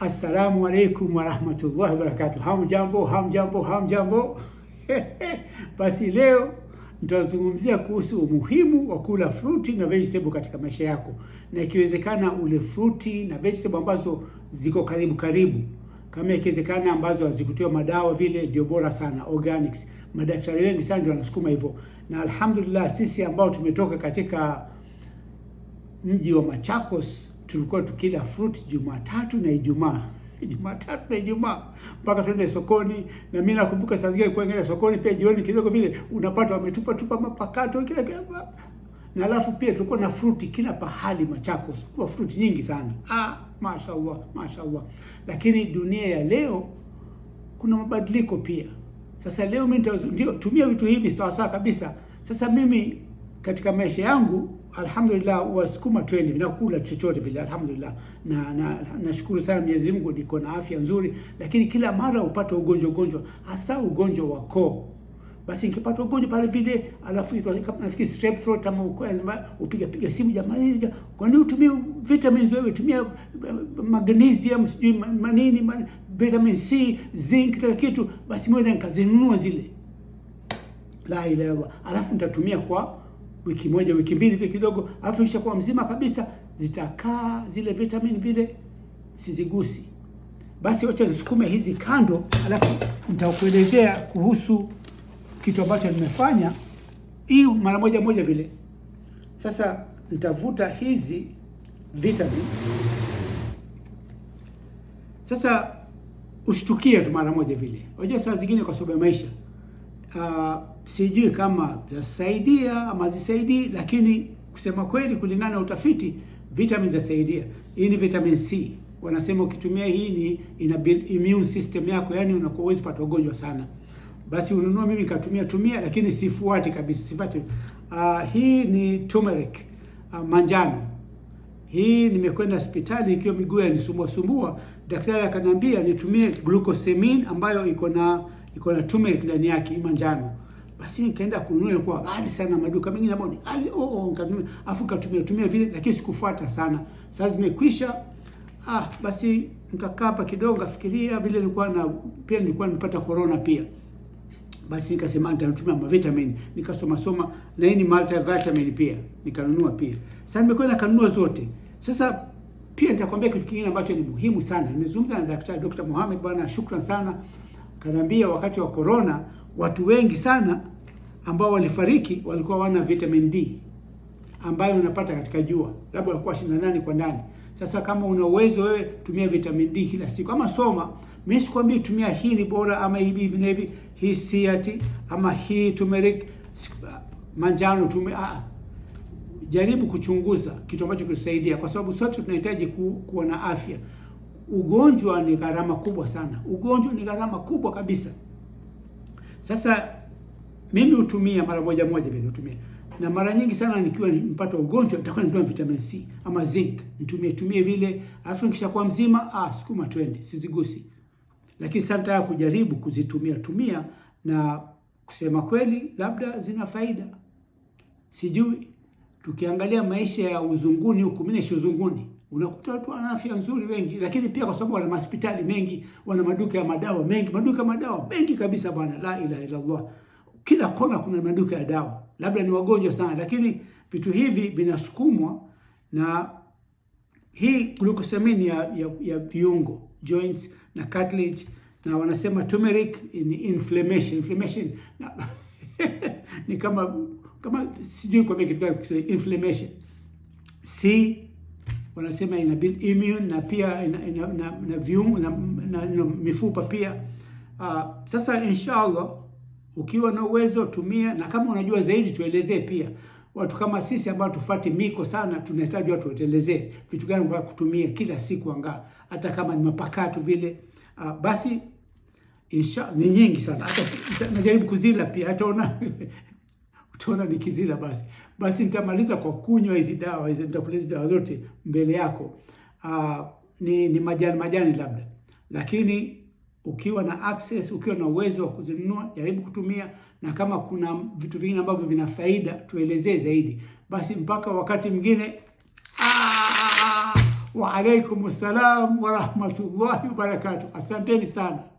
Assalamu alaikum warahmatullahi wabarakatuh. Hamjambo, hamjambo, hamjambo. Basi leo nitazungumzia kuhusu umuhimu wa kula fruti na vegetable katika maisha yako, na ikiwezekana ule fruti na vegetable ambazo ziko karibu karibu, kama ikiwezekana ambazo hazikutiwa madawa, vile ndio bora sana, organics. Madaktari wengi sana ndio wanasukuma hivyo, na alhamdulillah sisi ambao tumetoka katika mji wa Machakos tulikuwa tukila fruit Jumatatu na Ijumaa, Jumatatu na Ijumaa mpaka tuende sokoni. Na mimi nakumbuka saa zingine kuingia sokoni pia jioni kidogo vile unapata wametupa tupa mapakato kila kila, na alafu pia tulikuwa na fruit kila pahali Machakos, kwa fruit nyingi sana ah, mashaallah mashaallah. Lakini dunia ya leo kuna mabadiliko pia. Sasa leo mimi ndio tumia vitu hivi sawa sawa kabisa. Sasa mimi katika maisha yangu alhamdulillah, wasukuma twende treni kula chochote vile, alhamdulillah. Na nashukuru na sana Mwenyezi Mungu niko na afya nzuri, lakini kila mara upata ugonjwa ugonjwa, hasa ugonjwa wa koo. Basi nikipata ugonjwa pale vile, alafu nafikiri strep throat ama upiga piga simu, jamani, kwa nini utumie vitamins wewe? Tumia eh, magnesium, sijui manini, man, vitamin C, zinc, kila kitu. Basi mimi nikazinunua zile, la ilaha illallah, alafu nitatumia kwa wiki moja, wiki mbili hivi kidogo, afu ishakuwa mzima kabisa, zitakaa zile vitamin vile, sizigusi. Basi wacha nisukume hizi kando, alafu nitakuelezea kuhusu kitu ambacho nimefanya hii mara moja moja vile. Sasa nitavuta hizi vitamin. sasa, ushtukie tu mara moja vile. Unajua saa zingine kwa sababu ya maisha uh, sijui kama zasaidia ama zisaidii, lakini kusema kweli, kulingana na utafiti, vitamins zasaidia. Hii ni vitamin C, wanasema ukitumia hii ni ina build immune system yako, yani unakuwa huwezi pata ugonjwa sana. Basi ununua, mimi nikatumia tumia, lakini sifuati kabisa, sifuati. Uh, hii ni turmeric uh, manjano hii nimekwenda hospitali ikiwa miguu yanisumbua sumbua, daktari akaniambia nitumie glucosamine ambayo iko na iko na turmeric ndani yake manjano. Basi nikaenda kununua, ilikuwa ghali sana maduka mengine ambayo ni ghali oh, oh, nikatumia afu nikatumia tumia vile, lakini sikufuata sana. Sasa zimekwisha. Ah, basi nikakaa hapa kidogo nikafikiria vile nilikuwa na pia nilikuwa nimepata corona pia. Basi nikasema nitatumia mavitamini. Nikasoma soma na hii ni multivitamin pia. Nikanunua pia. Sasa nimekwenda kanunua zote. Sasa pia nitakwambia kitu kingine ambacho ni muhimu sana. Nimezungumza na daktari Dr. Mohamed bwana, shukrani sana. Kanaambia wakati wa corona watu wengi sana ambao walifariki walikuwa wana vitamin D ambayo unapata katika jua, labda walikuwa ishirini nani kwa ndani. Sasa kama una uwezo wewe, tumia vitamin D kila siku, ama soma. Mimi sikwambii tumia hii ni bora, ama hii hivi na hivi, hii siati ama hii turmeric manjano tume a ah, ah. jaribu kuchunguza kitu ambacho kitusaidia, kwa sababu sote tunahitaji ku, kuwa na afya ugonjwa ni gharama kubwa sana. Ugonjwa ni gharama kubwa kabisa. Sasa mimi hutumia mara moja moja vile hutumia, na mara nyingi sana nikiwa mpata ugonjwa nitakuwa nitoa vitamin C ama zinc nitumie tumie vile, alafu nikishakuwa mzima ah, sukuma twende, sizigusi. Lakini sasa nitaka kujaribu kuzitumia tumia, na kusema kweli, labda zina faida, sijui. Tukiangalia maisha ya uzunguni huku, mimi naishi uzunguni Unakuta watu wana afya nzuri wengi, lakini pia kwa sababu wana hospitali mengi, wana maduka ya madawa mengi, maduka ya madawa mengi kabisa bwana. La ilaha illallah, kila kona kuna maduka ya dawa, labda ni wagonjwa sana, lakini vitu hivi vinasukumwa na hii glucosamine ya, ya, ya viungo joints na cartilage, na wanasema turmeric in inflammation inflammation na, ni kama kama sijui kwa kitu gani inflammation c wanasema ina build immune na pia ina, ina, ina, na, viungo, na, na, na mifupa pia. Uh, sasa inshallah ukiwa na uwezo tumia, na kama unajua zaidi tuelezee pia. Watu kama sisi ambao tufati miko sana, tunahitaji watu watuelezee vitu gani vya kutumia kila siku, angaa hata kama ni mapakato vile. Uh, basi insha ni nyingi sana, hata najaribu kuzila pia, hataona utaona nikizila basi basi nitamaliza kwa kunywa hizi dawa hizi, nitakuleza dawa zote mbele yako. Uh, ni, ni majani majani labda, lakini ukiwa na access, ukiwa na uwezo wa kuzinunua jaribu kutumia, na kama kuna vitu vingine ambavyo vina faida tuelezee zaidi. Basi mpaka wakati mwingine, ah, wa salam wa rahmatullahi wa barakatuh. Asanteni sana.